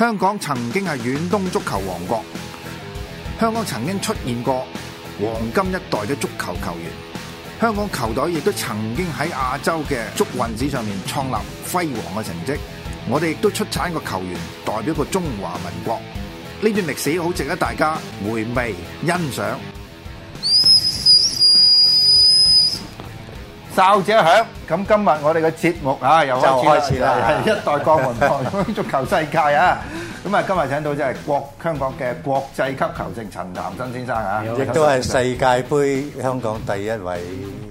香港曾經係遠東足球王國，香港曾經出現過黃金一代嘅足球球員，香港球隊亦都曾經喺亞洲嘅足運史上面創立輝煌嘅成績。我哋亦都出產個球員代表過中華民國，呢段歷史好值得大家回味欣賞。炮聲響，咁今日我哋嘅節目啊，又開始啦，係一代江門足球世界啊！咁啊，今日請到即係國香港嘅國際級球證陳南生先生啊，亦都係世界盃香港第一位，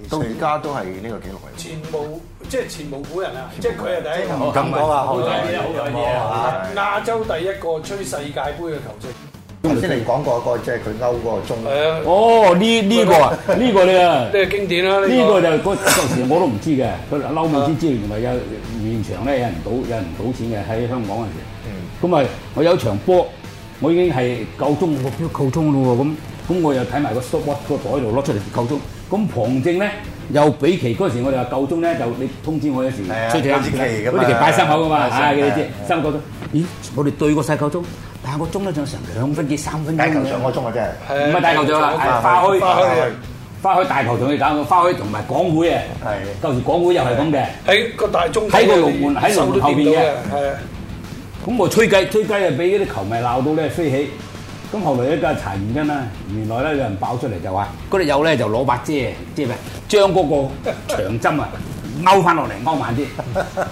到而家都係呢個紀錄。前無即係前無古人啊！即係佢係第一個，唔敢講啊，好鬼嘢，好鬼嘢啊！亞洲第一個吹世界盃嘅球證。我頭先你講過一個，就是、個即係佢嬲嗰個鐘。啊。哦，呢呢、這個啊，呢、 這個你啊。呢、這個經典啦。呢 個就嗰嗰陣時我都唔知嘅，佢嬲我先知道，原來有現場咧有人賭，有人賭錢嘅喺香港嗰陣時。咁、嗯、咪、嗯、我有一場波，我已經係夠鐘，目標夠鐘咯喎咁。咁我又睇埋個 stop，個袋度攞出嚟夠鐘。咁旁證咧又畀其嗰陣時，我哋話夠鐘咧就你通知我有時出。係啊。出咗減資期哋期擺心口噶嘛，係你知，三個鐘。咦，我哋對過晒夠鐘。上個鐘都仲成兩分幾三分鐘嘅。大球上個鐘啊，真係唔係大球場啊，花開花開花開大埔場要搞，花開同埋港會啊，係舊時港會又係咁嘅，喺個大鐘喺個龍門喺龍門後邊嘅。係啊，咁我吹雞吹雞啊，俾嗰啲球迷鬧到咧飛起。咁後來一家查原因啦，原來咧有人爆出嚟就話嗰啲友咧就攞白遮遮嘅，將嗰個長針啊。勾翻落嚟，勾慢啲，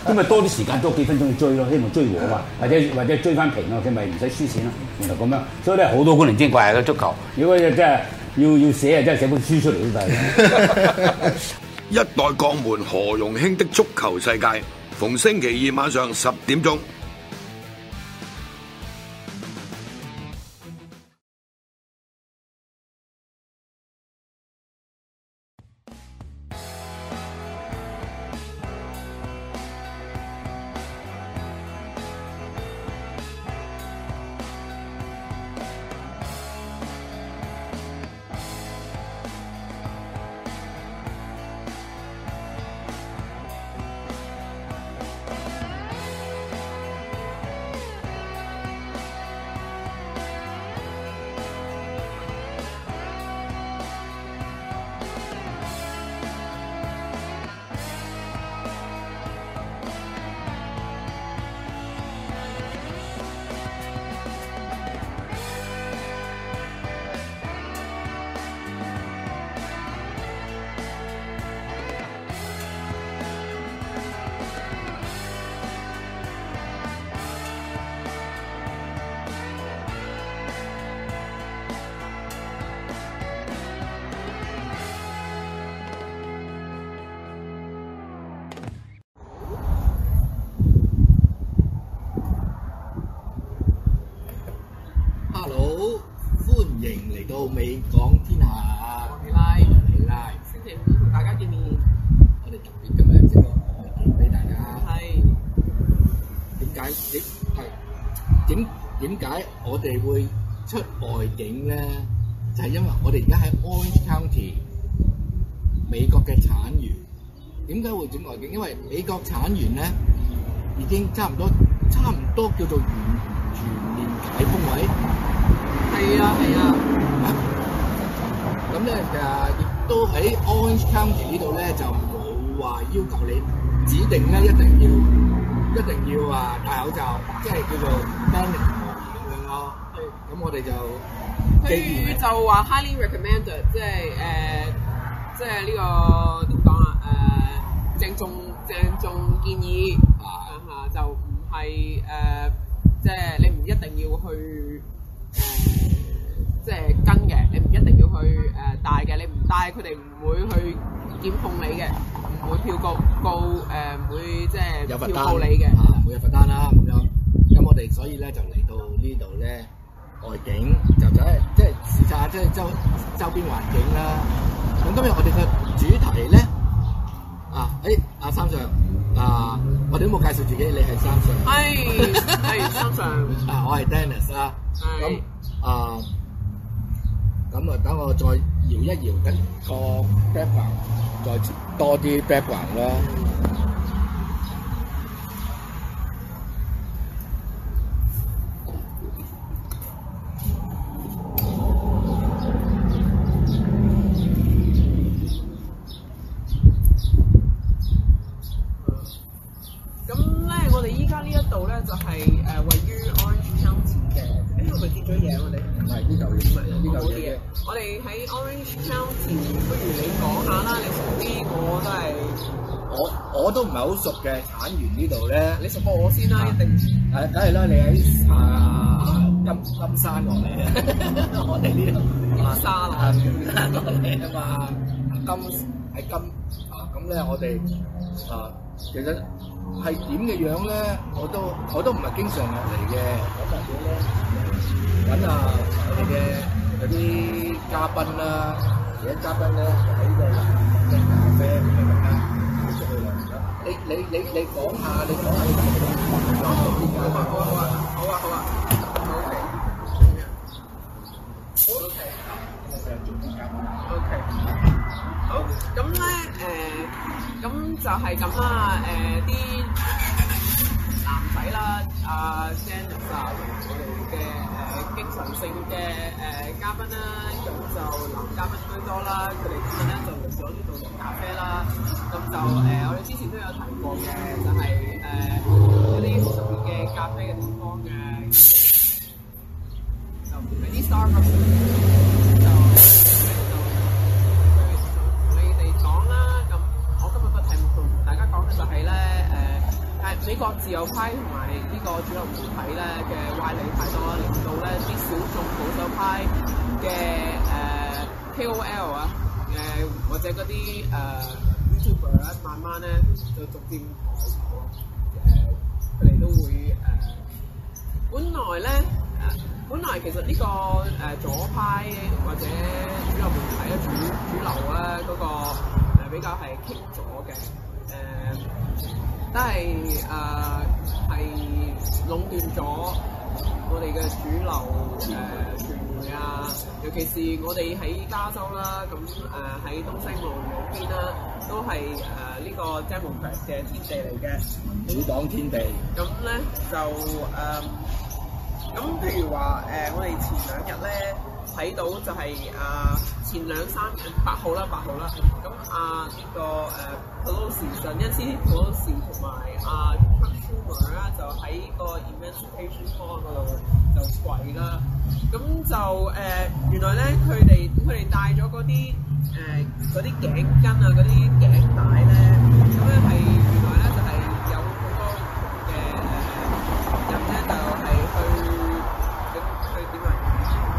咁咪多啲時間，多幾分鐘去追咯。希望追和啊嘛，或者或者追翻平咯，佢咪唔使輸錢咯。原來咁樣，所以咧好多古靈精怪嘅足球。 如果真係要要寫啊，真係寫本書出嚟都得。 一代國門何容興的足球世界，逢星期二晚上十點鐘。就係因為我哋而家喺 Orange County 美國嘅產源，點解會轉外景？因為美國產源咧，已經差唔多，差唔多叫做完全面解封位。係啊係啊。咁咧，其實亦都喺 Orange County 呢度咧，就冇話要求你指定咧，一定要一定要話戴口罩，即係叫做 mandatory 咁樣咯。咁我哋就。佢就話 highly recommended，即係誒、呃，即係呢、這個點講啊？誒、嗯，鄭重鄭重建議啊嚇、呃，就唔係誒，即係你唔一定要去誒、呃，即係跟嘅，你唔一定要去誒、呃、帶嘅，你唔帶佢哋唔會去檢控你嘅，唔會票告告誒，唔、呃、會即係票告你嘅嚇，冇有罰單啦咁樣。咁、啊啊、我哋所以咧就嚟到呢度咧。外景就睇，即係視察下，即係周周邊環境啦。咁今日我哋嘅主題咧，啊，誒，阿三上，啊，我哋都冇介紹自己，你係三上，係係三上，啊，我係 Dennis 啦，咁啊，咁啊，等我再搖一搖緊個 background，再多啲 background 啦。係，梗係啦！你喺啊金金山落嚟嘅，我哋呢度沙灘多得滯啊嘛，金係金啊咁咧，我哋啊其實係點嘅樣咧，我都我都唔係經常落嚟嘅，揾下、啊、我哋嘅有啲嘉賓啦、啊，而家嘉賓咧喺度啦。你你你你講下，你講下，講下點解？好啊好啊，好啊好啊。O K，係啊。O K，好，咁咧誒，咁就係咁啦誒，啲男仔啦，阿 Sam 啊，同我哋嘅。經常性嘅誒、呃、嘉賓啦、啊，咁就男嘉賓居多啦。佢哋之前咧就嚟咗呢度飲咖啡啦、啊，咁就誒、呃、我哋之前都有提過嘅，就係誒一啲熟嘅咖啡嘅地方嘅，就俾啲 s e r 美國自由派同埋呢個主流媒體咧嘅歪理太多，令到咧啲小眾保守派嘅誒、呃、K O L 啊，誒或者嗰啲誒 YouTuber 啊，慢慢咧就逐漸改誒佢哋都會誒、啊。本來咧、啊，本來其實呢、這個誒、啊、左派或者主流媒體主主流咧、啊、嗰、那個、啊、比較係傾左嘅。都係誒係壟斷咗我哋嘅主流誒傳媒啊，尤其是我哋喺加州啦，咁誒喺東西部嗰邊啦，都係誒呢個 Democrat 嘅天地嚟嘅。民主黨天地。咁咧就誒，咁、呃、譬如話誒、呃，我哋前兩日咧。睇到就係啊，前兩三日八號啦，八號啦。咁啊，呢、這個個誒，Pelosi 陣一先，Pelosi 同埋阿 Schumer 啦，就喺個 Emancipation Hall 嗰度就跪啦。咁就誒、呃、原來咧，佢哋佢哋戴咗啲誒啲頸巾啊，啲頸帶咧，咁咧係原來咧。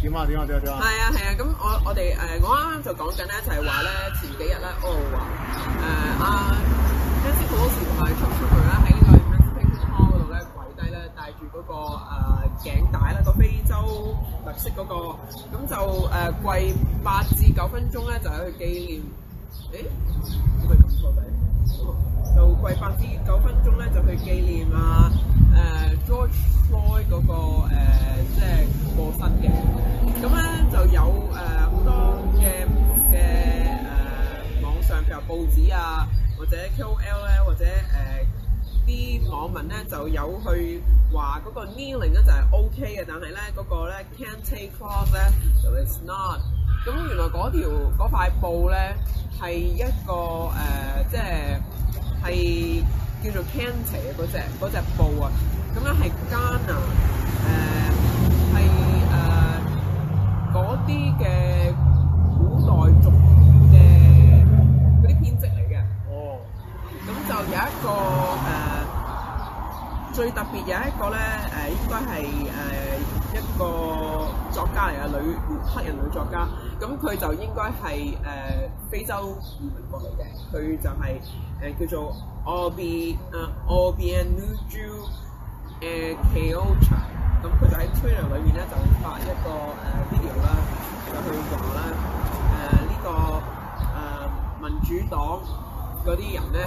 點啊點啊點啊！係啊係啊，咁、 啊啊嗯、我我哋誒、呃、我啱啱就講緊咧，就係話咧前幾日咧，哦，話誒阿 Justin Paul 同埋 Chazzy Floyd 咧喺個 Mansfield Park 嗰度咧跪低咧戴住嗰個誒頸帶咧、那個非洲特色嗰、那個，咁就誒、呃、跪八至九分鐘咧就去紀念。誒、欸，咁係咁錯底，就跪八至九分鐘咧就去紀念啊！誒、uh, George Floyd 嗰、那個即係、uh, 過身嘅，咁咧就有誒好、uh, 多嘅唔同嘅誒網上譬如報紙啊，或者 KOL 咧，或者誒啲、uh, 網民咧就有去話嗰個 kneeling 咧就係 OK 嘅，但係咧嗰個咧 can't take cloth 咧就係 not。咁原來嗰條嗰塊布咧係一個誒即係係。Uh, 就是叫做 Cancer 嗰隻隻布啊，咁咧係間啊誒係誒嗰啲嘅古代族嘅嗰啲編織嚟嘅。哦，咁就有一個誒、呃、最特別有一個咧誒、呃、應該係誒。呃一個作家嚟啊，女黑人女作家，咁佢就應該係誒、uh, 非洲移民過嚟嘅，佢就係、是、誒、uh, 叫做、uh, Obi 誒、uh, Obi Anuju 誒 Ekeocha，咁佢就喺 Twitter 裏面咧就發一個誒、uh, video 啦，就去講啦誒呢個誒、uh, 民主黨嗰啲人咧，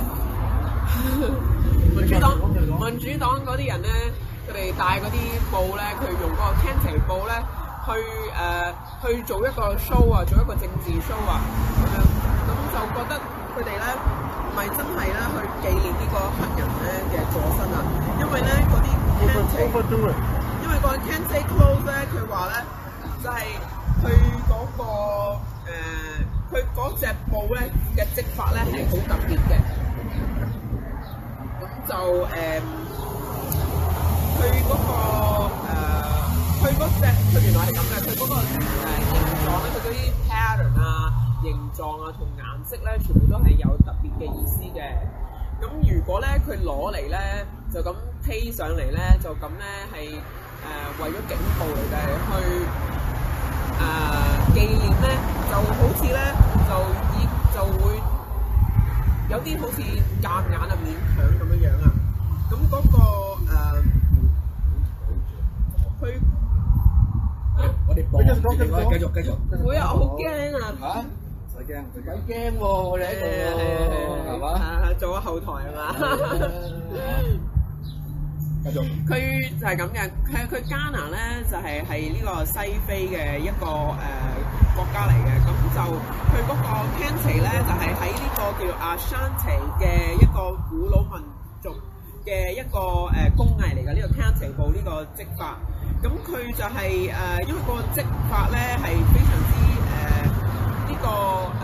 民主黨、嗯嗯嗯嗯嗯、民主黨嗰啲人咧。佢哋帶嗰啲布咧，佢用嗰個 cancer 布咧去誒、呃、去做一個 show 啊，做一個政治 show 啊咁樣，咁就覺得佢哋咧唔係真係咧去紀念呢個黑人咧嘅過身啊，因為咧嗰啲 cancer 因為個 cancer cloth 咧，佢話咧就係佢嗰個佢嗰隻布咧嘅織法咧係好特別嘅，咁就誒。呃佢嗰個誒，佢嗰隻，佢原來係咁嘅。佢嗰個誒形狀咧，佢嗰啲 pattern 啊、形狀啊同顏色咧，全部都係有特別嘅意思嘅。咁如果咧，佢攞嚟咧，就咁披上嚟咧，就咁咧係誒為咗警告你哋，去誒紀念咧，就好似咧就以就會有啲好似夾硬啊、勉強咁樣樣啊。咁嗰個。我哋播，我哋繼續繼續。我又好驚啊！嚇？唔使驚，唔使驚喎，我哋呢個係嘛？做個後台係嘛？繼續。佢就係咁嘅，佢佢加納咧就係係呢個西非嘅一個誒國家嚟嘅，咁就佢嗰個 Canci 咧就係喺呢個叫做阿 Shanti 嘅一個古老民族。嘅一個誒工藝嚟㗎，呢個 canterbury 呢個織法，咁佢就係誒，因為個織法咧係非常之誒呢個誒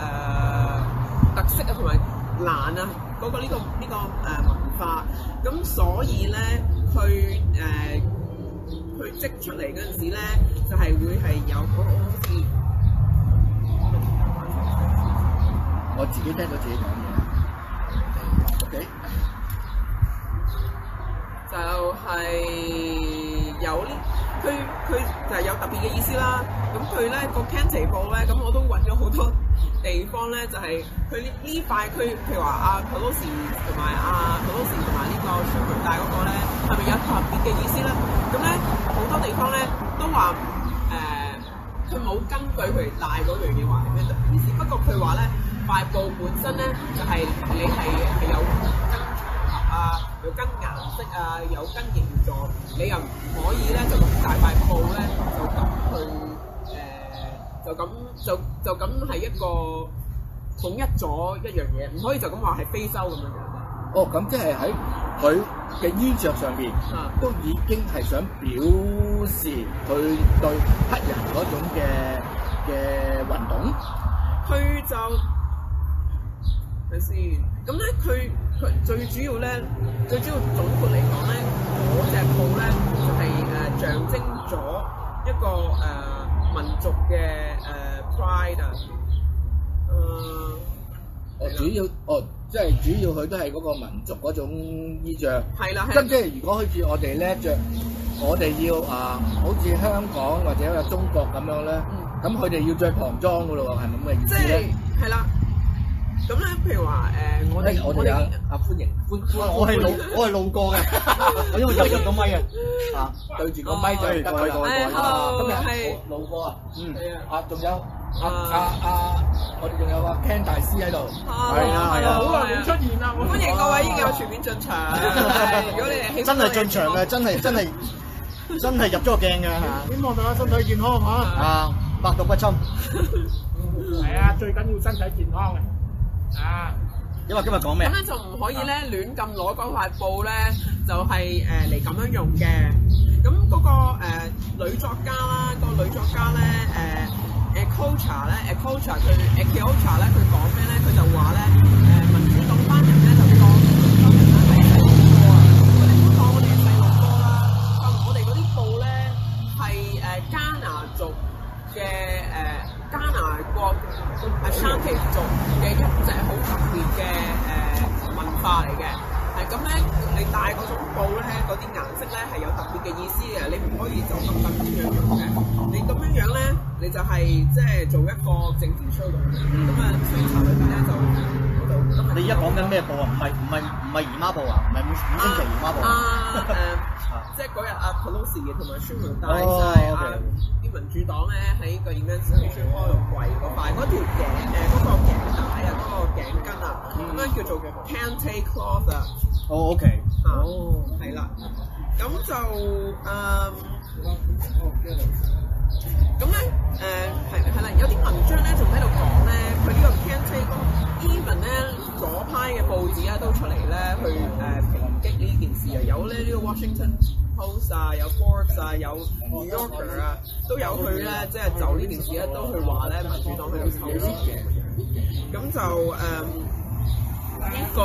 特色啊，同埋難啊，嗰個呢個呢個誒文化，咁所以咧，佢誒佢織出嚟嗰陣時咧，就係會係有嗰個。我自己聽到自己講嘢。OK。就係有呢，佢佢就係有特別嘅意思啦。咁佢咧個 canary 步咧，咁我都揾咗好多地方咧，就係佢呢呢塊區，譬如話啊，普羅士同埋啊，普羅士同埋呢個 super 大嗰個咧，係咪有特別嘅意思咧？咁咧好多地方咧都話誒，佢、呃、冇根據佢帶嗰樣嘢話咩？不過佢話咧，塊布本身咧就係、是、你係係有。有跟顏色啊，有跟形狀，你又唔可以咧就咁大塊布咧就咁去誒，就咁就就咁係一個統一咗一樣嘢，唔可以就咁話係非洲咁樣樣嘅。哦，咁即係喺佢嘅衣著上面啊，都已經係想表示佢對黑人嗰種嘅嘅運動，佢就係咪先？咁咧佢。佢最主要咧，最主要總括嚟講咧，嗰隻布咧就係、是、誒、呃、象徵咗一個誒、呃、民族嘅誒 pride 啊。誒、呃，哦，主要哦，即係主要佢都係嗰個民族嗰種衣著。係啦係。即即係如果好似我哋咧着，我哋要啊，好似香港或者中國咁樣咧，咁佢哋要着唐裝噶咯喎，係咁嘅意思咧。係啦。咁咧，譬如話誒，我哋我哋啊，歡迎歡我係路我係路過嘅，因為有住個咪嘅，啊對住個咪對。你好，今日係路過啊，嗯，啊仲有啊啊啊，我哋仲有啊 Ken 大 C 喺度，係啊係啊，好耐冇出現啦，歡迎各位依家全面進場。如果你哋喜歡，真係進場嘅，真係真係真係入咗個鏡嘅。希望大家身體健康嚇，啊百毒不侵，係啊，最緊要身體健康嘅。啊！因為今日講咩？咁樣就唔可以咧，亂咁攞嗰塊布咧，就係誒嚟咁樣用嘅。咁嗰個誒女作家啦，個女作家咧，誒誒 Kochar 咧，誒 Kochar 佢誒 Kochar 咧，佢講咩咧？佢就話咧，誒民主黨班人咧就講，咁我哋係細路哥啊，咁我哋嗰啲布咧係誒加拿大族嘅誒加拿大國。係三 K 做嘅一隻好特別嘅誒，文化嚟嘅，係咁咧，你戴嗰種布咧，嗰啲顏色咧係有特別嘅意思嘅，你唔可以就咁樣樣用嘅，你咁樣樣咧，你就係即係做一個政治操弄嘅，咁、嗯、啊，非裏邊咧就。你依家講緊咩布啊？唔係唔係唔係姨媽布、oh, okay. 啊？唔係五五星期姨媽布啊？即係嗰日阿 Pelosi 同埋川聯邦啊，啲民主黨咧喺個議院只係穿高肉櫃嗰塊嗰條頸誒，嗰個頸帶啊，嗰個頸巾啊，咁、mm. 樣叫做叫做 Kente cloth 啊。哦、oh,，OK，哦，係啦，咁就誒。Oh, okay. 咁咧，誒係係啦，有啲文章咧仲喺度講咧，佢呢個 can say even 咧左派嘅報紙啊都出嚟咧去誒抨擊呢件事啊，有咧呢個 Washington Post 啊，有 Forbes 啊，有 New Yorker 啊，都有去咧，即係就呢件事咧都去話咧，民主黨去要醜化嘅。咁就誒呢個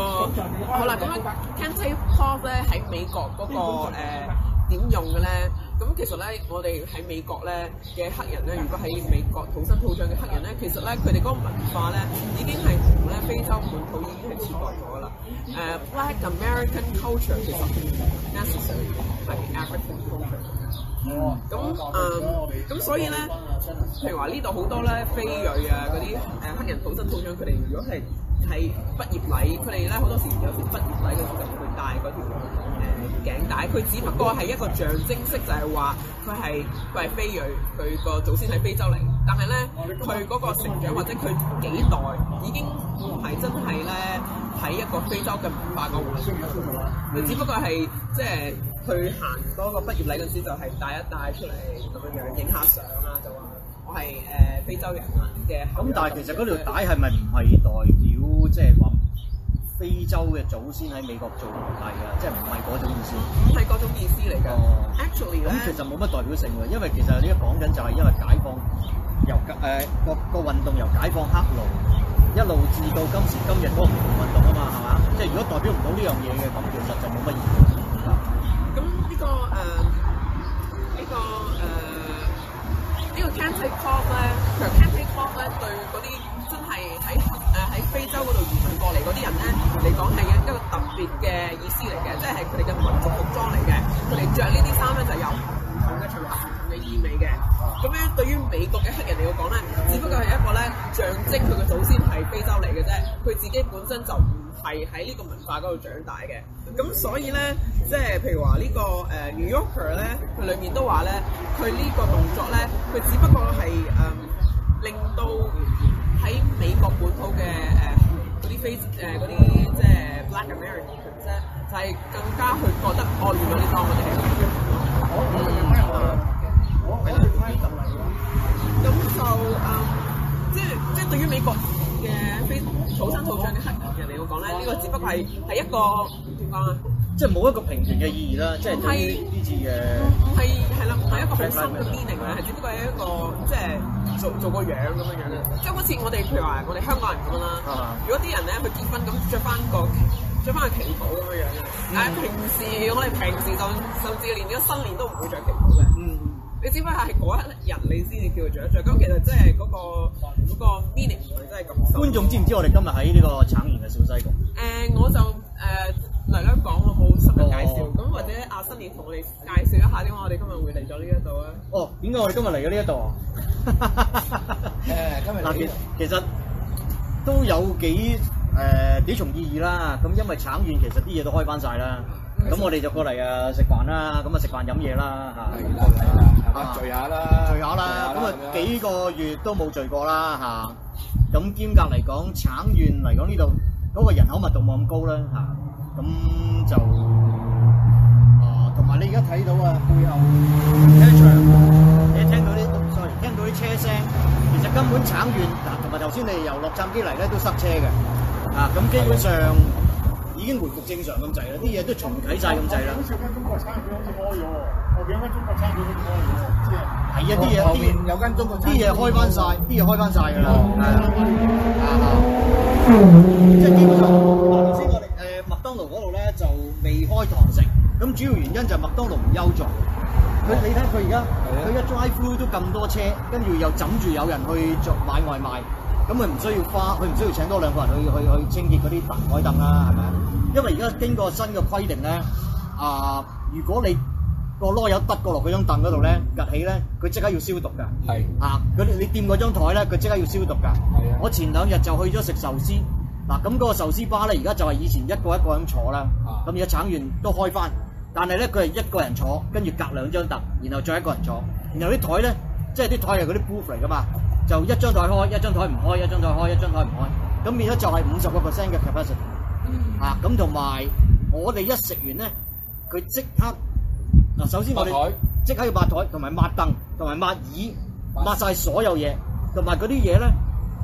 好啦，咁 can say post 咧喺美國嗰個誒點用嘅咧？咁其實咧，我哋喺美國咧嘅黑人咧，如果喺美國土生土長嘅黑人咧，其實咧佢哋嗰個文化咧已經係同咧非洲本土已經係切割咗啦。誒、uh，Black American culture 其實 necessarily 係 African culture、hmm。咁誒，咁所以咧，譬如話呢度好多咧非裔啊嗰啲誒黑人土生土長，佢哋如果係喺畢業禮，佢哋咧好多時有時畢業禮嘅時候就會戴嗰條頸帶佢只不過係一個象徵式，就係話佢係佢係非裔，佢個祖先喺非洲嚟。但係咧，佢嗰個成長或者佢幾代已經唔係真係咧喺一個非洲嘅文化個環。佢、嗯、只不過係即係佢行多個畢業禮嗰陣時就係帶一帶出嚟咁樣樣影下相啦。就話我係誒非洲人啊嘅。咁但係其實嗰條帶係咪唔係代表即係話？就係非洲嘅祖先喺美國做奴隸啊，即係唔係嗰種意思？唔係嗰種意思嚟㗎。Actually 咧，咁其實冇乜代表性喎，因為其實你而家講緊就係因為解放由誒個個運動由解放黑奴一路至到今時今日嗰個運動啊嘛，係嘛？即係如果代表唔到呢樣嘢嘅，咁其實就冇乜意義啦。咁呢個誒呢個誒呢個 Candycorn 咧，其實 Candycorn 咧對嗰啲真係喺誒喺非洲嗰度嚟嗰啲人咧嚟講係一個特別嘅意思嚟嘅，即係佢哋嘅民族服裝嚟嘅。佢哋着呢啲衫咧就是、有唔同嘅場合、唔同嘅意味嘅。咁樣對於美國嘅黑人嚟講咧，只不過係一個咧象徵佢嘅祖先係非洲嚟嘅啫。佢自己本身就唔係喺呢個文化嗰度長大嘅。咁所以咧，即係譬如話、這個呃 er、呢個誒 New Yorker 咧，佢裏面都話咧，佢呢個動作咧，佢只不過係誒、呃、令到喺美國本土嘅誒。呃啲非嗰啲即係 Black Americans 咧，就係更加去覺得哦，原來呢啲都係我哋嘅。咁就誒、嗯，即係即係對於美國嘅非土生土長嘅黑人嚟講咧，啊、我我呢個只不過係係、嗯、一個點講啊？嗯、即係冇一個平權嘅意義啦，即係呢啲呢啲嘅係係啦，唔係一個好深嘅 meaning 嘅，係只不過係一個即係。做做個樣咁樣樣啦，即係好似我哋譬如話我哋香港人咁樣啦。係嘛？如果啲人咧去結婚咁着翻個旗着翻個旗袍咁樣樣，但係平時我哋平時就甚至連咗新年都唔會着旗袍嘅。嗯，你只不過係嗰一日你先至叫做着一着。咁其實即係嗰個嗰個 meaning，真係咁。觀眾知唔知我哋今日喺呢個橙園嘅小西局？誒，uh, 我就誒。Uh, 嚟咧講，我冇新聞介紹咁，或者阿新年同我哋介紹一下點解我哋今日會嚟咗呢一度咧？哦，點解我哋今日嚟咗呢一度啊？誒，今日嗱，其實都有幾誒幾重意義啦。咁因為橙園其實啲嘢都開翻晒啦，咁我哋就過嚟啊食飯啦，咁啊食飯飲嘢啦嚇，啊聚下啦，聚下啦，咁啊幾個月都冇聚過啦嚇。咁兼夾嚟講，橙園嚟講呢度嗰個人口密度冇咁高啦嚇。咁就啊，同埋你而家睇到啊，背後停車場你聽到啲，sorry，聽到啲車聲，其實根本慘完。嗱，同埋頭先你由洛杉磯嚟咧都塞車嘅，啊，咁基本上已經回復正常咁滯啦，啲嘢都重啟晒咁滯啦。後邊有間中國餐館好似開咗喎，後邊間中國餐館都開咗喎，係啊，啲嘢啲有間中國啲嘢開翻晒，啲嘢開翻晒噶啦，係啊，啊，即係基本上頭先我。麥當勞嗰度咧就未開堂食，咁主要原因就係麥當勞唔憂做。佢你睇佢而家佢而家 drive through 都咁多車，跟住又枕住有人去做買外賣，咁佢唔需要花，佢唔需要請多兩個人去去去清潔嗰啲台凳啦，係咪啊？因為而家經過新嘅規定咧，啊，如果你個籮柚得過落嗰張凳嗰度咧，入起咧，佢即刻要消毒噶。係啊，佢你掂嗰張台咧，佢即刻要消毒噶。我前兩日就去咗食壽司。嗱，咁嗰個壽司巴咧，而家就係以前一個一個咁坐啦，咁而家產完都開翻，但係咧佢係一個人坐，跟住隔兩張凳，然後再一個人坐，然後啲台咧，即係啲台係嗰啲 booth 嚟噶嘛，就一張台開，一張台唔開，一張台開，一張台唔開，咁變咗就係五十個 percent 嘅 capacity 啊，咁同埋我哋一食完咧，佢即刻嗱，首先我哋即刻要抹台，同埋抹凳，同埋抹椅，抹晒所有嘢，同埋嗰啲嘢咧。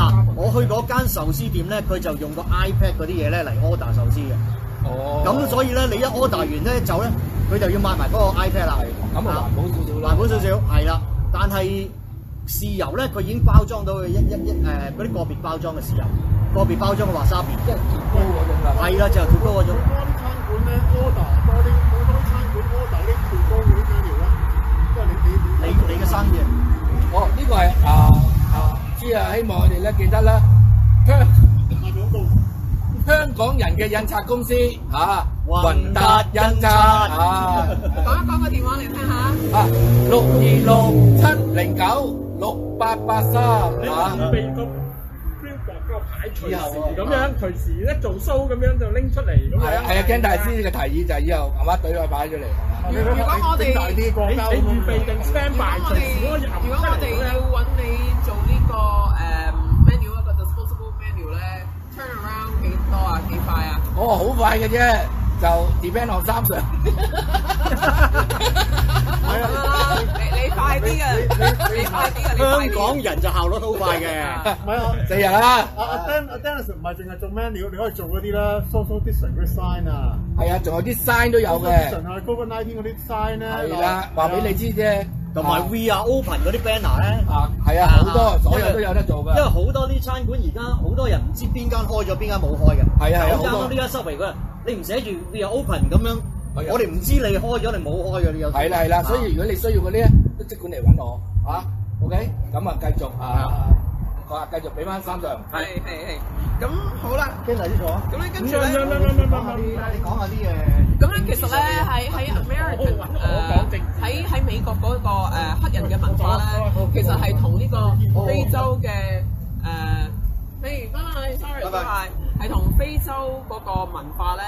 啊、我去嗰間壽司店咧，佢就用個 iPad 嗰啲嘢咧嚟 order 壽司嘅。哦，咁所以咧，你一 order 完咧就咧，佢就要抹埋嗰個 iPad 啦。咁啊，環保少少啦。環保少少，係啦、啊。但係豉油咧，佢已經包裝到佢一一一誒嗰啲個別包裝嘅豉油，個別包裝嘅 wasabi，即係最高嗰種啊。係啦對、嗯，就最高嗰種。多啲、就是、餐館咧 order 多啲，好多餐館 order 拎最高嗰啲嘅條啦。即係你你 你你嘅生意。哦、oh，呢個係啊。之啊！希望我哋咧記得啦，香香港人嘅印刷公司嚇，雲達印刷啊！打一講個電話嚟聽下啊，六二六七零九六八八三啊。以後咁樣隨時一做 show 咁樣就拎出嚟咁樣。係啊，係啊，驚大師嘅提議就係以後慢慢懟佢擺出嚟。如果我哋，你你預備定 plan 排咗？如果我哋要揾你做呢個誒 menu，一個 disposable menu 咧，turnaround 幾多啊？幾快啊？我好快嘅啫，就 depend on 三上。係啊，你你快啲嘅，你你快啲嘅，香港人就效率好快嘅。唔係啊，四日啦。阿阿 Dan Dan 阿 Dennis 唔係淨係做 menu，你可以做嗰啲啦，social distancing sign 啊。係啊，仲有啲 sign 都有嘅。social 啊，covid nineteen 啲嗰啲 sign 咧。係啦，話俾你知啫。同埋 we are open 嗰啲 banner 咧。啊，係啊，好多所有都有得做嘅。因為好多啲餐館而家好多人唔知邊間開咗邊間冇開嘅。係啊係啊。好差多呢家周圍嗰，你唔寫住 we are open 咁樣。我哋唔知你開咗定冇開嘅，你又係啦係啦，所以如果你需要嗰啲咧，都即管嚟揾我嚇。OK，咁啊繼續啊，好啊，繼續俾翻三張。係係係。咁好啦，傾曬清楚。咁咧跟住咧，講下啲，講下啲嘢。咁咧其實咧喺喺 American 誒，喺喺美國嗰個誒黑人嘅文化咧，其實係同呢個非洲嘅誒。Bye bye，sorry，bye bye。係同非洲嗰個文化咧，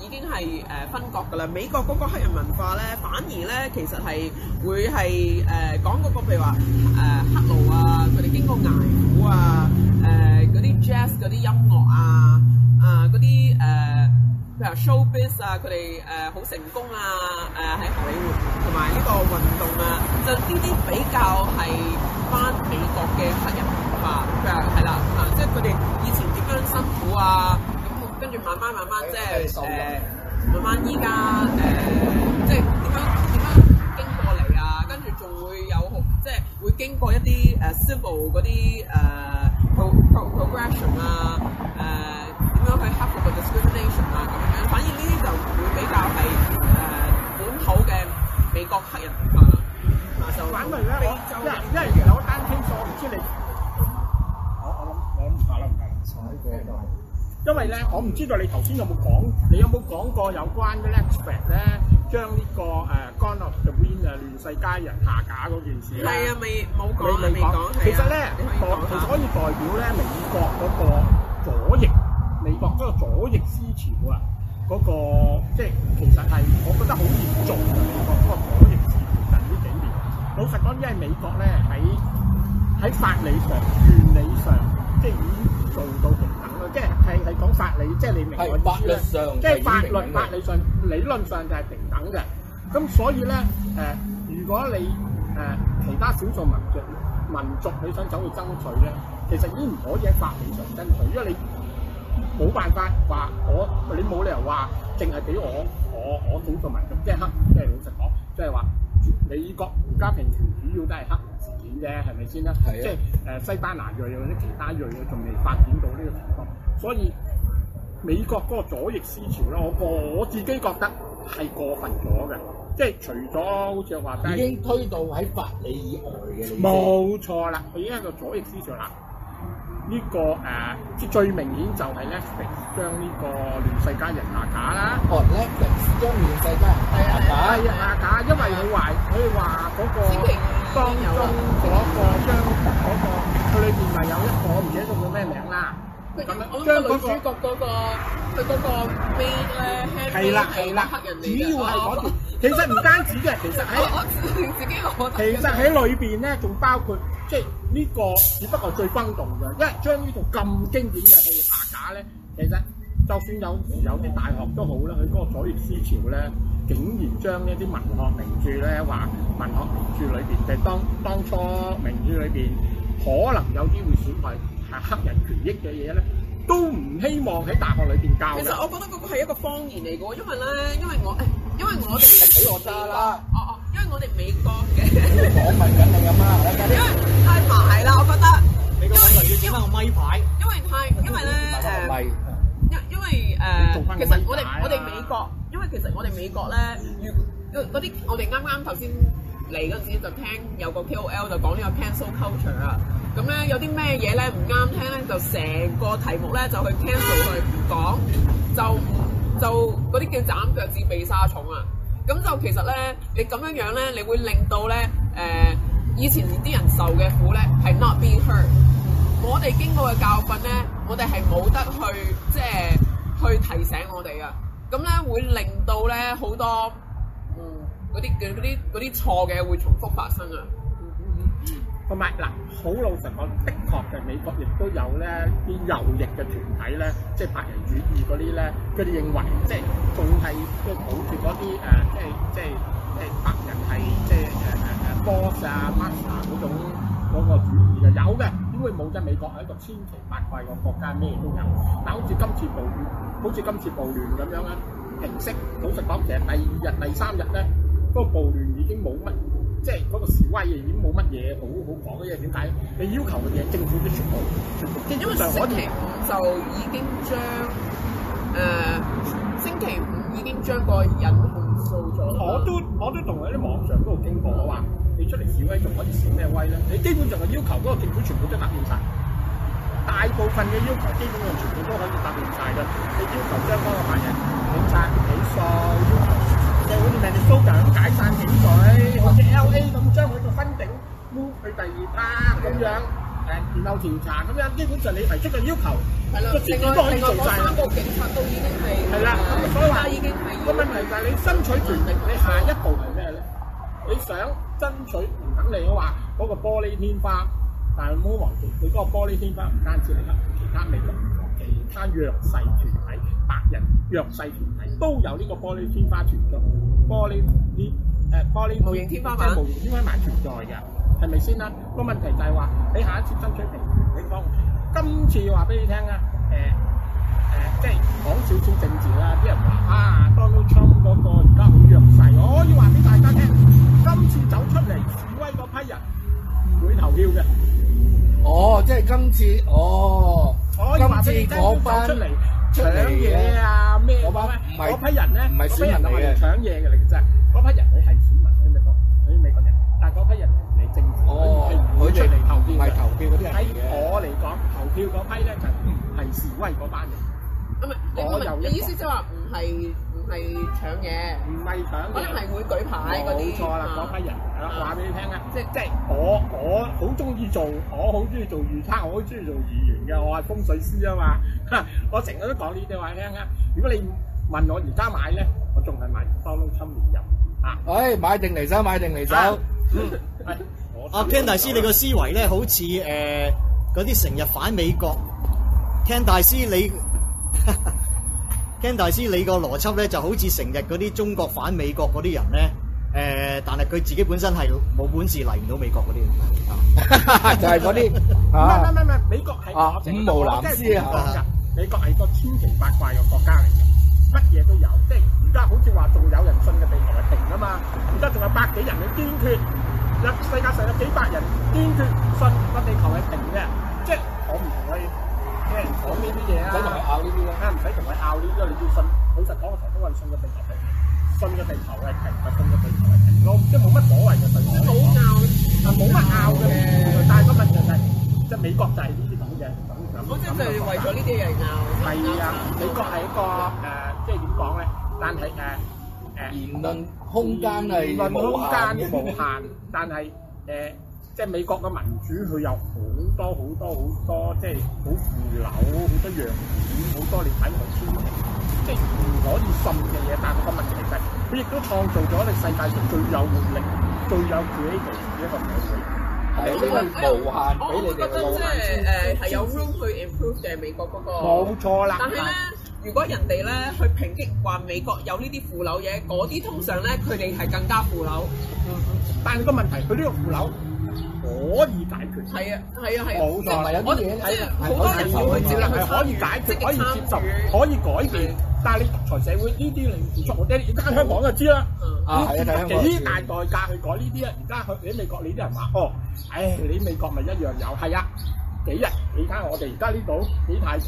已經係誒分割㗎啦。美國嗰個黑人文化咧，反而咧其實係會係誒講嗰個譬如話誒黑奴啊，佢哋經過捱苦啊，誒嗰啲 jazz 嗰啲音樂啊，啊嗰啲誒譬如 showbiz 啊，佢哋誒好成功啊，誒喺荷里活同埋呢個運動啊，就呢啲比較係翻美國嘅黑人。佢話係啦，嗱、嗯嗯嗯嗯，即係佢哋以前點樣辛苦啊，咁、嗯、跟住慢慢慢慢即係誒，慢慢依家誒，即係點樣點樣經過嚟啊，跟住仲會有即係會經過一啲誒、uh, civil 嗰啲誒 pro progression 啊，誒、呃、點樣去克服個 discrimination 啊咁樣，反而呢啲就會比較係誒、uh, 本土嘅美國黑人文化啦，嗯、就反而咧，你就一係有單傾訴出嚟。因為咧，我唔知道你頭先有冇講，你有冇講過有關咧 expect 咧，將呢、這個誒 Gone with the Wind 誒亂世佳人下架嗰件事咧？啊，未冇講啊，未講。其實咧，其實可以，以代表咧美國嗰個左翼，美國嗰個左翼思潮啊，嗰個即係其實係我覺得好嚴重嘅美國嗰個左翼思潮。那個、思潮近呢幾年。老實講，因為美國咧喺喺法理上、原理上，即係已經做到。即係係係講法理，即係你明白書咧。即係法律法理上理論上就係平等嘅。咁所以咧誒、呃，如果你誒、呃、其他少數民族民族你想走去爭取咧，其實已經唔可以喺法理上爭取，因為你冇辦法話我，你冇理由話淨係俾我我我少數民族，即係即係老實講，即係話。美國而家平時主要都係黑人事件啫，係咪先咧？啊、即係誒西班牙裔或者其他裔，嘅，仲未發展到呢個情況，所以美國嗰個左翼思潮咧，我我我自己覺得係過分咗嘅，即係除咗好似話已經推到喺法理以外嘅，冇錯啦，佢已經係個左翼思潮啦。呢個誒，即係最明顯就係 Netflix 將呢個亂世佳人下架啦。哦，Netflix 將亂世佳人下架，下架，因為佢話佢話嗰個當中有嗰個將嗰個佢裏面咪有一個唔記得咗叫咩名啦。咁將女主角嗰個佢嗰個面咧，係啦係啦，主要係嗰條。其實唔單止嘅，其實喺自己，其實喺裏邊咧仲包括。即係呢個，只不過最轟動嘅，因為將呢套咁經典嘅戲下架咧，其實就算有時有啲大學都好啦，佢嗰個左翼思潮咧，竟然將一啲文學名著咧，話文學名著裏邊，就當當初名著裏邊可能有啲會損害黑人權益嘅嘢咧，都唔希望喺大學裏邊教。其實我覺得嗰個係一個方言嚟嘅，因為咧，因為我，因為我哋俾我揸啦，哦哦。因為我哋美國嘅，我問緊你咁啦，因為太埋啦，我覺得。美國我就要攞個咪牌，因為太，因為咧，因為因為誒，其實我哋我哋美國，因為其實我哋美國咧，嗰嗰啲我哋啱啱頭先嚟嗰陣時就聽有個 KOL 就講呢個 cancel culture 啊，咁咧有啲咩嘢咧唔啱聽咧，就成個題目咧就去 cancel 去唔講，就就嗰啲叫斬腳趾避沙蟲啊！咁就其實咧，你咁樣樣咧，你會令到咧，誒、呃，以前啲人受嘅苦咧，係 not being heard。我哋經過嘅教訓咧，我哋係冇得去，即係去提醒我哋啊。咁咧會令到咧好多，嗰啲嘅啲嗰啲錯嘅會重複發生啊！同埋嗱，好老實講，的確嘅美國亦都有咧啲右翼嘅團體咧，即係白人主義嗰啲咧，佢哋認為即係仲係即係壟斷嗰啲誒，即係即係即係白人係即係誒誒誒 boss 啊 master 嗰種嗰個主義嘅有嘅，點會冇啫？美國係一個千奇百怪嘅國家，咩都有。但係好似今次暴好似今次暴亂咁樣咧，平息，老實講，其實第二日、第三日咧，嗰個暴亂已經冇乜。即係嗰個示威嘢已經冇乜嘢好好講嘅嘢，點解？你要求嘅嘢，政府都全部，即基本上我哋就已經將誒、呃、星期五已經將個引控訴咗。我都我都同嗰啲網上嗰度經過，嗯、我話你出嚟示威仲可以示咩威咧？你基本上嘅要求，嗰個政府全部都答應晒。大部分嘅要求基本上全部都可以答應晒。」㗎。你要求將嗰個犯人免責、免訴。我哋會令你蘇強解散警隊，或者 LA 咁將佢個分警搬去第二 part 咁樣，誒然後調查咁樣，基本上你提出嘅要求，個司機都可以做曬。另外三個警察都已經係，係啦，所以話個問題就係你爭取權力，你下一步係咩咧？你想爭取唔等你嘅話，嗰個玻璃天花，但係魔王佢嗰個玻璃天花唔單止嚟得其他嘢。他弱勢團體、白人、弱勢團體都有呢個玻璃天花板，玻璃同啲誒玻璃、無形天花板存在㗎，係咪先啦？個問題就係話，你下一次爭取平權，你講今次話俾你聽、呃呃、啊，誒誒，即係講少少政治啦。啲人話啊，Donald Trump 嗰個而家好弱勢，我要話俾大家聽，今次走出嚟示威嗰批人唔會投票嘅。哦，即係今次，哦。我今次講出嚟搶嘢啊咩？嗰批人係唔係選民嚟嘅？搶嘢嘅嚟嘅啫。嗰批人你係選民你美國，喺美國人，但係嗰批人嚟政府，佢唔、哦、會嚟投票投票嘅。喺我嚟講，投票嗰批咧就係、是嗯、示威嗰班人。唔係，你意思即係話唔係？係搶嘢，唔係搶嘢，可能係會舉牌嗰啲。冇錯啦，嗰批人，我話俾你聽啦，即即我我好中意做，我好中意做預測，我好中意做預言嘅，我係風水師啊嘛。我成日都講呢啲話你聽啊。如果你問我而家買咧，我仲係買收窿七年入啊。誒，買定離手，買定離手。嗯，阿 Ken 大師，你個思維咧好似誒嗰啲成日反美國。Ken 大師，你。Ken 大師，你個邏輯咧就好似成日嗰啲中國反美國嗰啲人咧，誒，但係佢自己本身係冇本事嚟，唔到美國嗰啲，啊、 就係嗰啲。唔係唔係唔係，美國係五毛男。啊，啊。啊，美國係個千奇百怪嘅國家嚟嘅，乜嘢都有。即係而家好似話仲有人信嘅地球係平啊嘛，而家仲有百幾人去堅決，世界上有幾百人堅決信個地球係平嘅，即係我唔同你。講呢啲嘢啊，唔使同佢拗呢啲嘅，你都信，老實講，頭先話你信個地球係平，信個地球係平，信個地球係平。咁即係冇乜所謂嘅，即係冇拗，係冇乜拗嘅。但係個問題就係，即係美國就係呢啲咁嘅，咁咁。我即係為咗呢啲嘢拗。係啊，美國係一個誒，即係點講咧？但係誒誒，言論空間係言論空間無限，但係誒。即係美國嘅民主，佢有好多好多好多，即係好腐朽好多樣嘢，好多你睇唔到，即係唔可以信嘅嘢。但係個問題係，佢亦都創造咗你世界上最有活力、最有 creative 嘅一個社會，係因為無限俾你哋無限。我覺得即係誒係有 room 去 improve 嘅美國嗰個。冇錯啦。但係咧，如果人哋咧去抨擊話美國有呢啲腐朽嘢，嗰啲通常咧佢哋係更加腐朽。嗯嗯。但係個問題，佢呢個腐朽。可以解決，係啊，係啊，係啊，冇錯啦，啊，啲嘢，即係好多人要去接納去參與，積極參與，可以，可以改變。啊、但係你獨裁社會呢啲你唔付出，我哋而家香港就知啦。啊、嗯，係、嗯、幾大代價去改呢啲啊？而家去喺美國，你啲人話哦，唉、哎，你美國咪一樣有？係啊，幾日？你睇下我哋而家呢度幾太平。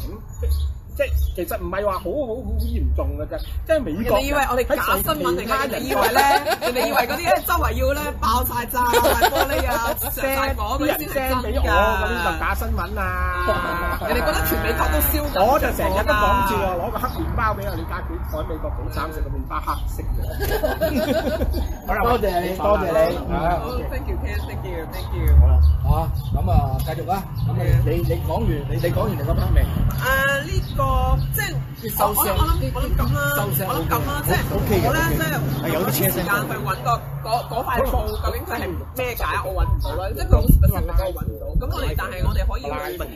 其實唔係話好好好嚴重噶啫，即係美國。人哋以為我哋假新聞嚟嘅，人哋以為咧，人哋以為嗰啲咧周圍要咧爆晒炸晒玻璃啊，send 嗰啲先 send 嚟噶，嗰啲就假新聞啊。人哋覺得全美國都燒緊火啊。我就成日都講笑，攞個黑麵包俾阿李嘉杰，喺美國早餐食個麵包黑色嘅。好啦，多謝你，多謝你。好，thank you，thank you，thank you。好啦，啊，咁啊，繼續啊，咁你你你講完，你你講完你咁出名。誒，呢個。即係收聲，收聲。我諗咁啦，我諗咁啦，即係我咧，即係有時間去揾個嗰嗰塊布，究竟佢係咩解？我揾唔到啦，即係佢好神秘嘅，我揾唔到。咁我哋但係我哋可以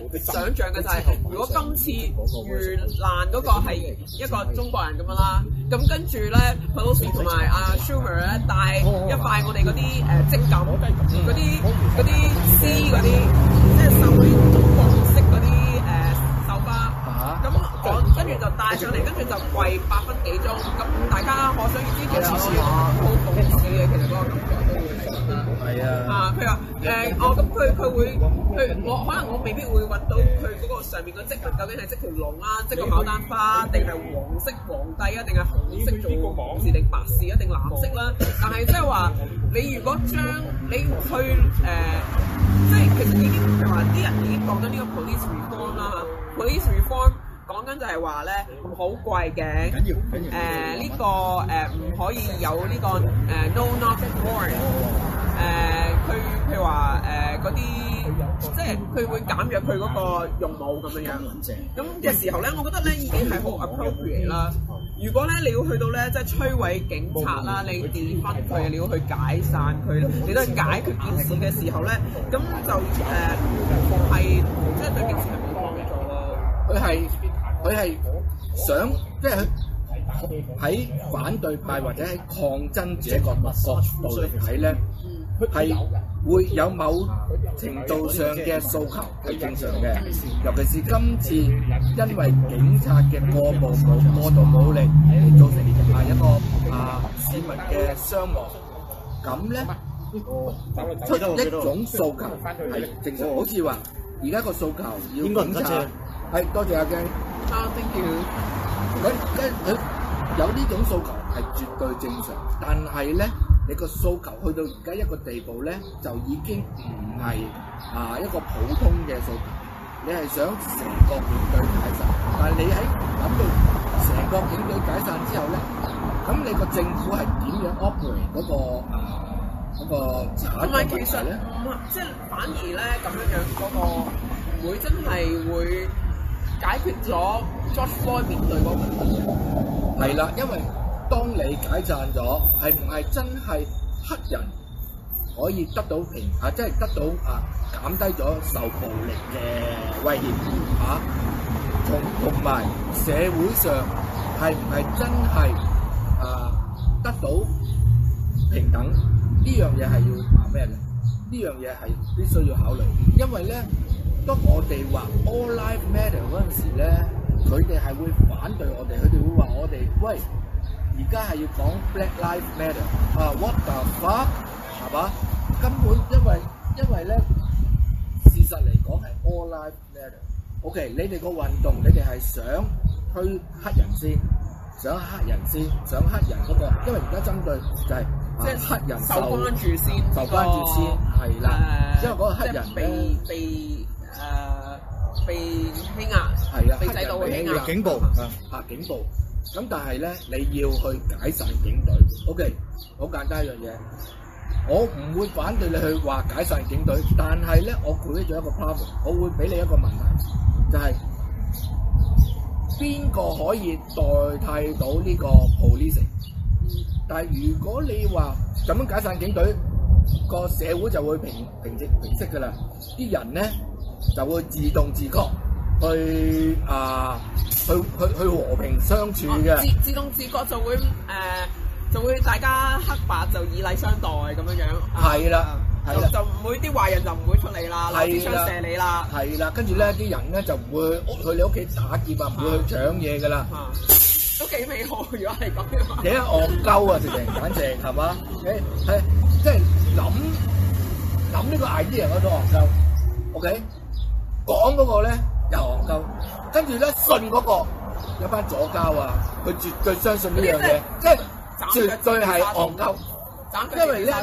去想象嘅就係，如果今次遇難嗰個係一個中國人咁樣啦，咁跟住咧，Pelosi 同埋啊 Schumer 咧帶一塊我哋嗰啲誒質感、嗰啲嗰啲絲嗰啲，即係。咁、嗯、跟住就帶上嚟，跟住就跪八分幾鐘。咁大家可想而知，嘅話都好諷刺嘅，其實嗰個感覺都係啊。啊、嗯，佢話誒，哦，咁佢佢會佢我可能我未必會揾到佢嗰個上面嘅積分究竟係積條龍啊，積個牡丹花定係黃色皇帝啊，定係紅色左字定白字啊，定藍色啦。但係即係話你如果將你去誒、呃，即係其實已經譬如話啲人已經講緊呢個 police reform 啦、啊，嚇、嗯、police reform。講緊就呢係話咧，好貴嘅，誒呢、呃呢個誒唔、呃、可以有呢、呢個誒、呃、no knock warrant 誒佢佢話誒嗰啲，即係佢會減弱佢嗰個用武咁樣樣。咁嘅時候咧，我覺得咧已經係好 appropriate 啦。如果咧你要去到咧即係摧毀警察啦，你 diss 佢，你要去解散佢，你都要解，你解決件事嘅時候咧，咁就誒係即係對警察。佢係佢係想即係佢喺反對派或者喺抗爭者個角度嚟睇咧，係會有某程度上嘅訴求係正常嘅，尤其是今次因為警察嘅過暴武過度武力而造成下一個啊市民嘅傷亡，咁咧出一種訴求係正常，好似話而家個訴求要警察。係多謝阿 Jeremy。佢跟佢有呢種訴求係絕對正常，但係咧，你個訴求去到而家一個地步咧，就已經唔係啊一個普通嘅訴求。你係想成個警隊解散，但係你喺諗到成個警隊解散之後咧，咁你個政府係點樣 operate 嗰個啊嗰個查一查咧？同埋其實唔係，即係反而咧咁樣樣嗰個會真係會。解決咗 Judge Boy 面對嗰個問題，係啦，因為當你解散咗，係唔係真係黑人可以得到平啊？即係得到啊減低咗受暴力嘅威脅啊？同同埋社會上係唔係真係啊得到平等？呢樣嘢係要話咩嘅？呢樣嘢係必須要考慮，因為咧。當我哋話 all life matter 嗰陣時咧，佢哋係會反對我哋，佢哋會話我哋，喂，而家係要講 black life matter 啊，what the fuck 係嘛？根本因為因為咧，事實嚟講係 all life matter。OK 你哋個運動，你哋係想推黑人先，想黑人先，想黑人嗰個，因為而家針對就係即係黑人受關注先，受關注先係啦，因為嗰個黑人被被，被欺壓，係啊，被洗腦，被警暴嚇警暴。咁但係咧，你要去解散警隊，OK？好簡單一樣嘢。我唔會反對你去話解散警隊，但係咧，我舉咗一個 problem，我會俾你一個問題，就係邊個可以代替到呢個 police？但係如果你話咁樣解散警隊，個社會就會平平靜平息㗎啦。啲人咧。就會自動自覺去啊，去去去和平相處嘅。自自動自覺就會誒，就會大家黑白就以禮相待咁樣樣。係啦，係啦，就唔會啲壞人就唔會出嚟啦，攞支槍射你啦。係啦，跟住咧啲人咧就唔會去去你屋企打劫啊，唔會去搶嘢噶啦。都幾美好，如果係咁嘅話。你一戇鳩啊，直情簡直係嘛？誒，係，即係諗諗呢個 idea 嗰度，就，OK？講嗰個咧又戇鳩，跟住咧信嗰個有班左膠啊，佢絕對相信呢樣嘢，即係絕對係戇鳩。因為咧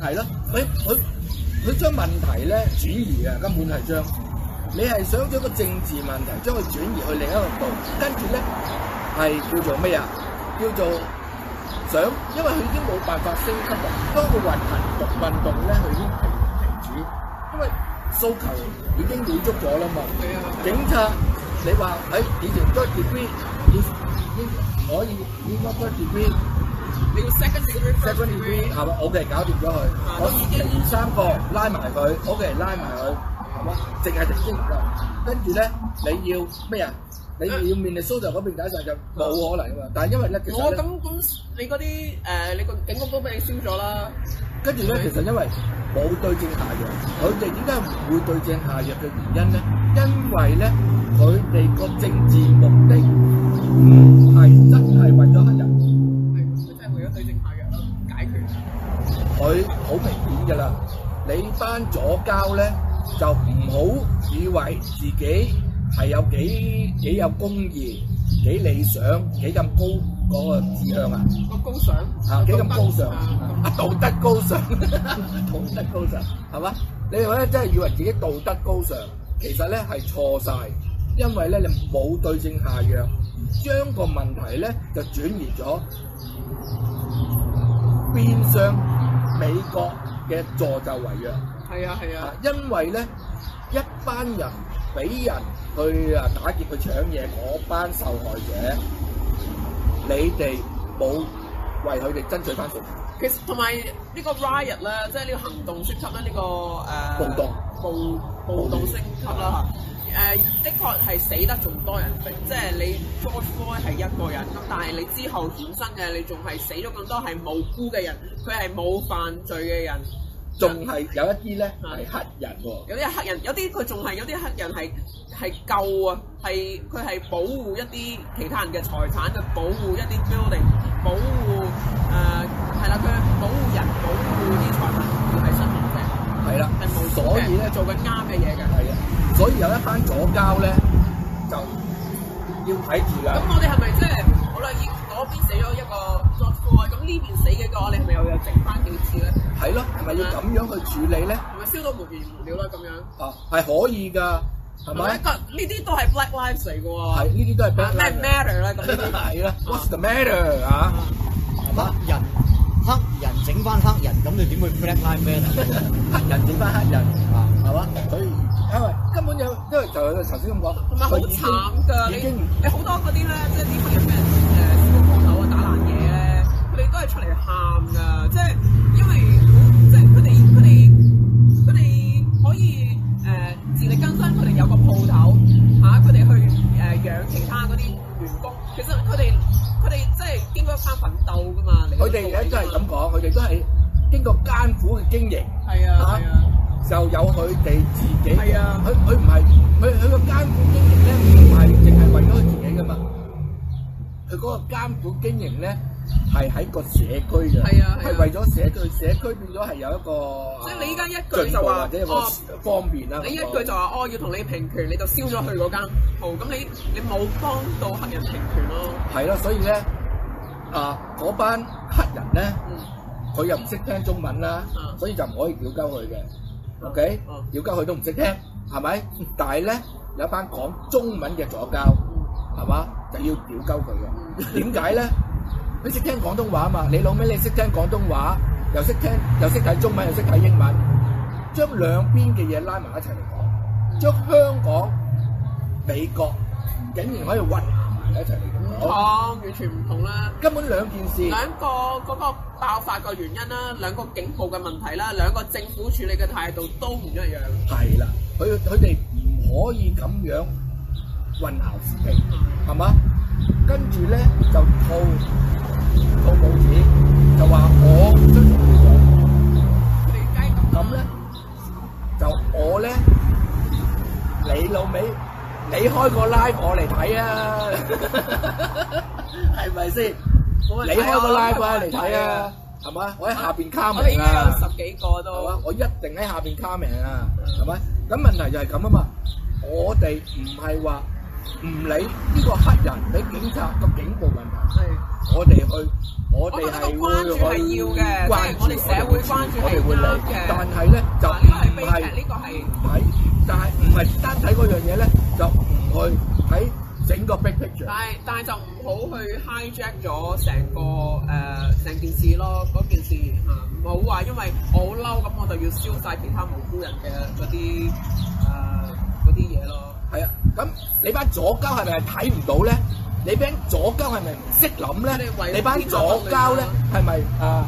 係咯，佢佢佢將問題咧轉移啊，根本係將你係想將個政治問題將佢轉移去另一個角度，跟住咧係叫做咩啊？叫做想，因為佢已經冇辦法升級。當佢運行個運動咧，佢已經停停住，因為。訴求已經滿足咗啦嘛，警察，你話喺 third degree，你應可以 third degree，你要 second degree，second degree 係嘛？O K 搞掂咗佢，我已經三個拉埋佢，O K 拉埋佢，係嘛？淨係直升機夠，跟住咧你要咩啊？你要面對訴求嗰邊解散就冇可能㗎嘛，但係因為咧其實我咁咁，你嗰啲誒，你個警局都俾你燒咗啦。跟住咧，其實因為冇對症下藥，佢哋點解唔會對症下藥嘅原因咧，因為咧佢哋個政治目的唔係真係為咗黑人，係真係為咗對症下藥咯，解決佢好明顯嘅啦。你班左膠咧，就唔好以為自己係有幾幾有公義、幾理想、幾咁高嗰個志向啊！高尚，幾咁高尚，道德高尚，道德高尚，係嘛？你哋話咧，真係以為自己道德高尚，其實咧係錯晒，因為咧你冇對症下藥，將個問題咧就轉移咗，變相美國嘅助紂為虐。係啊係啊，因為咧一班人俾人去啊打劫去搶嘢嗰班受害者，你哋冇。為佢哋爭取翻權。其實同埋呢個 riot 咧、啊，即係呢個行動，涉及呢個誒暴、呃、動，動、暴暴動升級啦嚇。誒，的確係死得仲多人，即係你 George Floyd 係一個人咁，但係你之後衍生嘅，你仲係死咗咁多係無辜嘅人，佢係冇犯罪嘅人。仲係有一啲咧係黑人喎，有啲黑人，有啲佢仲係有啲黑人係係救啊，係佢係保護一啲其他人嘅財產，即係保護一啲 building，保護誒係啦，佢保護人，保護啲財產，要係執行嘅，係啦，係冇，所以咧做緊啱嘅嘢㗎，係啊，所以有一番左膠咧，就要睇住啦。咁我哋係咪即係好啦？依嗰邊死咗一個左膠啊，咁呢邊死幾個，你係咪又又剩翻幾次咧？係咯，係咪 要咁樣去處理咧？係咪燒到無完無了啦？咁樣 啊，係可以㗎，係咪？呢啲都係 black lives 嚟嘅喎。係呢啲都係 black matter 咧咁樣。係啦，what's the matter 啊？黑、啊、人黑、啊、人整翻黑人，咁你點會 black lives matter 人黑人整翻黑人啊，係嘛？所以因為根本有，因為就係頭先咁講。同埋好慘㗎，你已經你好多嗰啲咧，即係點解有咩人誒燒鋪啊、打爛嘢咧？佢哋都係出嚟喊㗎，即係因為。更新佢哋有個鋪頭嚇，佢哋去誒養其他嗰啲員工。其實佢哋佢哋即係經過一番奮鬥噶嘛。佢哋咧都係咁講，佢哋都係經過艱苦嘅經營。係啊，係啊，就有佢哋自己。係啊，佢佢唔係佢佢個艱苦經營咧，唔係淨係為咗佢自己噶嘛。佢嗰個艱苦經營咧。係喺個社區嘅，係為咗社區，社區變咗係有一個，即係你依家一句就話哦方便啦，你一句就話哦要同你平權，你就燒咗佢嗰間，好咁你你冇幫到黑人平權咯，係咯，所以咧啊嗰班黑人咧，佢又唔識聽中文啦，所以就唔可以屌鳩佢嘅，O K，屌鳩佢都唔識聽，係咪？但係咧有一班講中文嘅左交，係嘛就要屌鳩佢嘅，點解咧？你識聽廣東話嘛？你老屘，你識聽廣東話，又識聽又識睇中文又識睇英文，將兩邊嘅嘢拉埋一齊嚟講，將香港、美國竟然可以混淆埋一齊嚟講，哦，完全唔同啦！根本兩件事，兩個嗰個爆發嘅原因啦，兩個警報嘅問題啦，兩個政府處理嘅態度都唔一樣。係啦，佢佢哋唔可以咁樣混淆視聽，係嘛？跟住咧就套。都冇錢，就話我咁咧，就我咧，你老味，你開個 live 我嚟睇啊，係咪先？你開個 live 啊，嚟睇啊，係嘛？我喺下邊卡名啊。我依家有十幾個都。我一定喺下邊卡名啊，係咪？咁問題就係咁啊嘛，我哋唔係話唔理呢個黑人俾警察個警暴問題。我哋去，我哋係會，我哋關注係要嘅，關注我哋會，我哋會嬲嘅。但係咧就唔係呢個係睇，但係唔係單睇嗰樣嘢咧，就唔去睇整個 big picture。係，但係就唔好去 hijack 咗成個誒成件事咯。嗰件事吓，唔好話因為我好嬲，咁我就要燒晒其他無辜人嘅嗰啲誒嗰啲嘢咯。係啊，咁你班左膠係咪睇唔到咧？你班左膠係咪唔識諗咧？你班左膠咧係咪啊？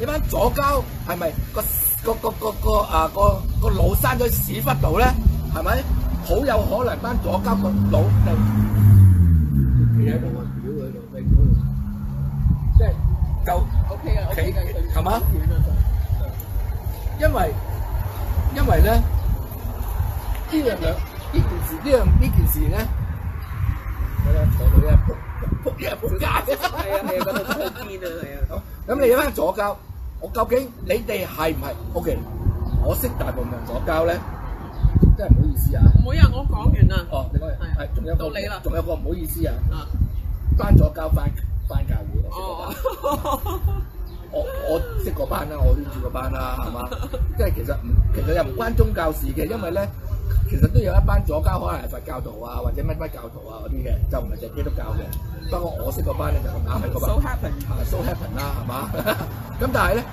你班左膠係咪個個個個個啊個個腦生咗屎忽度咧？係咪好有可能班左膠個腦就？企喺度啊，表喺度，咩嗰度？即係就 OK 嘅，OK 嘅，係嘛？因為因為咧呢兩兩。呢件事呢樣呢件事咧，我咧坐到咧仆仆仆家，係啊，你喺度黐線啊，係啊。好，咁你一返左交，我究竟你哋係唔係？O.K.，我識大部分人左交咧，真係唔好意思啊。唔好啊，我講完啦。哦，你講完係，仲有一個，仲有一個，唔好意思啊。啊，翻左交翻翻教會。哦，我我識個班啦，我都住個班啦，係嘛？即係其實唔，其實又唔關宗教事嘅，因為咧。其實都有一班左膠，可能係佛教徒啊，或者乜乜教徒啊嗰啲嘅，就唔係淨基督教嘅。不過我識嗰班咧就硬係嗰班。So happen，so happen 啦，係嘛？咁但係咧，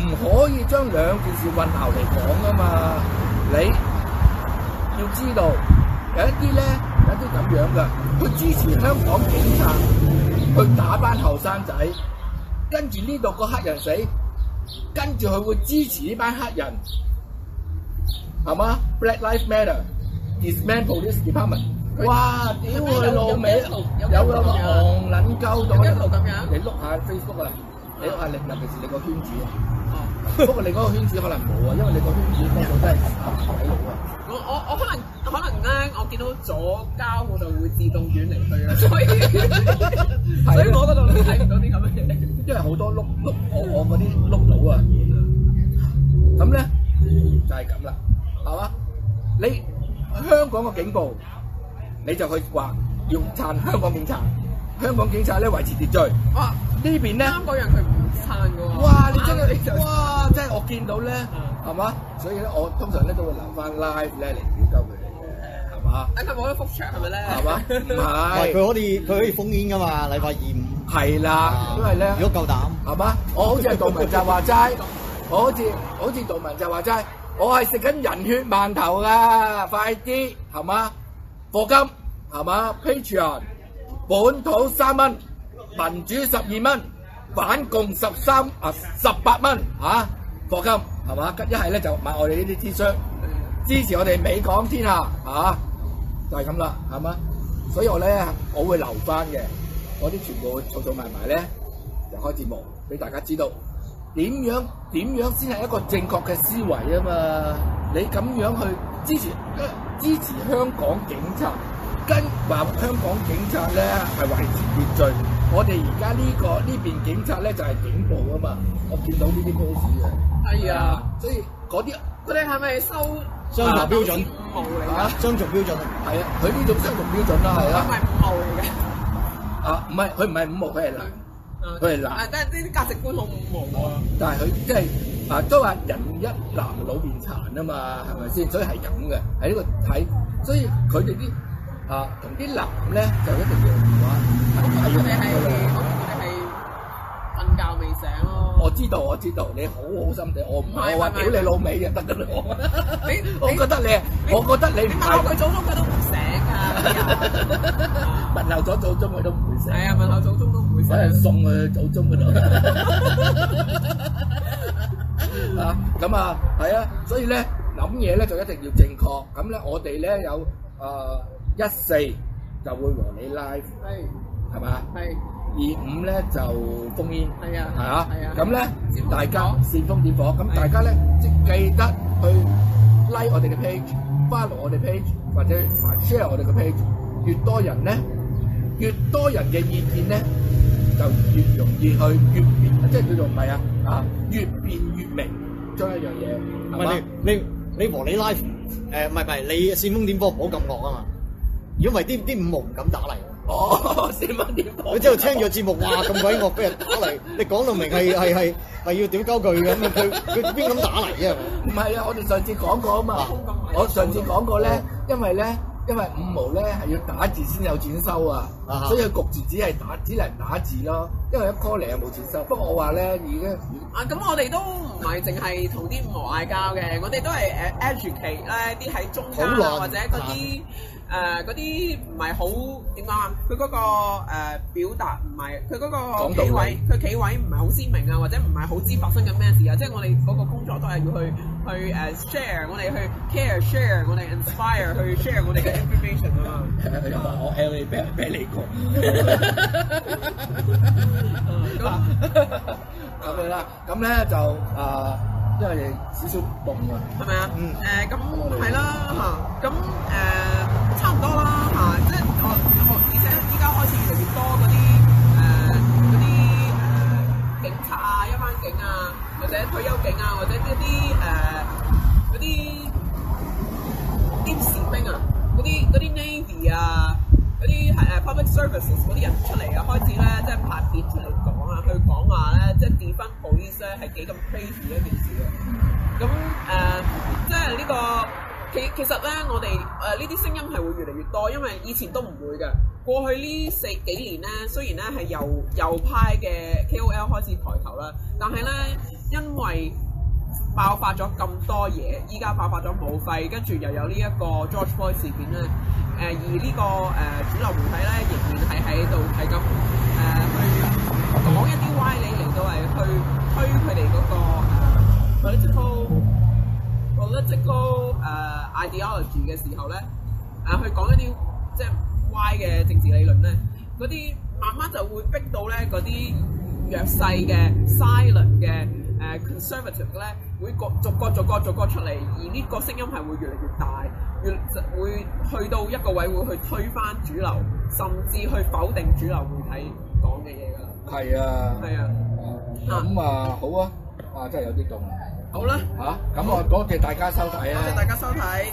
唔可以將兩件事混淆嚟講啊嘛！你要知道，有一啲咧有一啲咁樣㗎，佢支持香港警察去打班後生仔，跟住呢度個黑人死，跟住佢會支持呢班黑人。係嘛？Black Lives Matter , Dismantle this department。哇！屌佢老尾啊！有個王撚鳩在，你碌下 Facebook 啊，你碌下，尤其是你個圈子。哦。不過你嗰個圈子可能冇啊，因為你個圈子嗰度都係啊鬼佬啊。我我我可能可能咧，我見到左膠我就會自動遠離佢啊。所以我嗰度你睇唔到啲咁嘅嘢，因為好多碌碌我我嗰啲碌佬啊。咁咧就係咁啦。你香港嘅警暴，你就去話要撐香港警察，香港警察咧維持秩序。哇！呢邊咧香港人佢唔撐噶喎。哇！你真係哇！即係我見到咧，係嘛？所以咧，我通常咧都會留翻 live 咧嚟點溝佢哋嘅，係嘛？等佢攞一幅相係咪咧？係嘛？唔係佢可以佢可以封險噶嘛？禮拜二五係啦，因為咧如果夠膽係嘛？我好似係杜汶澤話齋，我好似好似杜汶澤話齋。我係食緊人血饅頭噶，快啲係嘛？課金係嘛？Patreon 本土三蚊，民主十二蚊，反共十三啊十八蚊嚇，課金係嘛？一係咧就買我哋呢啲 T 恤支持我哋美港天下嚇、啊，就係咁啦係嘛？所以我咧，我會留翻嘅，我啲全部儲儲埋埋咧，就開節目俾大家知道。點樣點樣先係一個正確嘅思維啊嘛？你咁樣去支持、啊、支持香港警察，跟話香港警察咧係維持秩序。我哋而家呢個呢邊警察咧就係、是、警暴啊嘛！我見到呢啲故事啊，係啊呀，所以嗰啲佢哋係咪收雙重標準？啊、五號嚟，啊，雙重標準係啊，佢呢種雙重標準啦，係啊，佢唔係五號嚟嘅，啊，唔係，佢唔係五號，佢係男。佢係男，但係呢啲價值觀好唔同啊！但係佢即係啊，都話人一男老變殘啊嘛，係咪先？所以係咁嘅，喺呢個睇，所以佢哋啲啊同啲男咧就一定要換話。佢哋係佢哋係瞓覺未醒咯。我知道我知道，你好好心地，我唔係我話屌你老味嘅，得唔得你講？你你覺得你啊？我覺得你唔係。鬧佢祖宗佢都唔醒噶，問候咗祖宗佢都唔會醒。係啊，問候祖宗都。俾人送去祖宗嗰度，啊，咁啊，係啊，所以咧諗嘢咧就一定要正確，咁咧我哋咧有啊一四就會和你 like，係嘛，二五咧就烽煙，係啊，係啊，咁咧大家煽風點火，咁大家咧即係記得去 like 我哋嘅 page，follow 我哋 page，或者 share 我哋嘅 page，越多人咧，越多人嘅意見咧。就越容易去越變，即係叫做唔係啊啊！越變越明，仲有一樣嘢，係嘛？你你你和你拉誒，唔係唔係，你煽風點火唔好咁惡啊嘛！如果唔係，啲啲五毛唔敢打嚟。哦，煽風點火！你之後聽咗個節目，哇咁鬼惡，畀人打嚟，你講到明係係係係要點鳩佢嘅，咁佢佢邊敢打嚟啫？唔係啊！我哋上次講過啊嘛，我上次講過咧，因為咧，因為五毛咧係要打字先有錢收啊。啊，所以佢焗住只係打，只能打字咯。因為一 call 你又冇接收。 不過我話咧，而家啊，咁我哋都唔係淨係同啲磨嗌交嘅，我哋都係誒 educate 咧啲喺中間啊，或者嗰啲誒嗰啲唔係好點講啊，佢、呃、嗰、那個誒、呃、表達唔係佢嗰個企位，佢企位唔係好鮮明啊，或者唔係好知發生緊咩事啊？即係 我哋個工作都係要去去誒、uh, share，我哋去 care share，我哋 inspire 去 share 我哋嘅 information 啊。 我 elie 俾俾你。咁 啦那，咁咧就啊，因為少少凍啊，係咪啊？誒， 咁係啦吓，咁誒差唔多啦吓，即係我我而且依家開始越嚟越多嗰啲誒嗰啲誒警察啊，一班警啊，或者退休警啊，或者一啲誒嗰啲啲士兵啊，嗰啲嗰啲 navy 啊。啲係誒 public services 嗰啲人出嚟啊，開始咧即係拍片出嚟講啊，去講話咧即係 defund police 咧係幾咁 crazy 一件事嘅。咁誒、呃，即係呢、呢個其其實咧，我哋誒呢啲聲音係會越嚟越多，因為以前都唔會嘅。過去呢四幾年咧，雖然咧係由右派嘅 K O L 開始抬頭啦，但係咧因為爆發咗咁多嘢，依家爆發咗武肺，跟住又有呢一個 George Floyd 事件咧。誒，而呢個誒主流媒體咧，仍然係喺度喺咁誒去講一啲歪理嚟到係去推佢哋嗰個誒 Donald Trump。Donald Trump 誒 ideology 嘅時候咧，誒去講一啲即係歪嘅政治理論咧，嗰啲慢慢就會逼到咧嗰啲弱勢嘅 silent 嘅。誒 conservative 咧，會個逐個逐個逐個出嚟，而呢個聲音係會越嚟越大，越會去到一個位會去推翻主流，甚至去否定主流媒體講嘅嘢噶啦。係啊，係啊，咁啊好啊，啊真係有啲凍。好啦，嚇咁我多謝大家收睇啊，多謝大家收睇。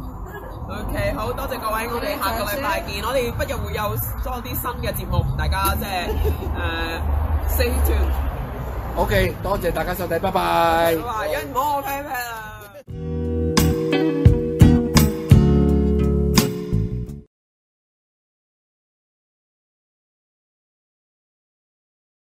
O、okay, K，好多謝各位，我哋下個禮拜見。我哋不日會有多啲新嘅節目，大家即係 stay tuned。Uh, o、okay, K，多謝大家收睇，拜拜、okay。哇！因我劈劈啊～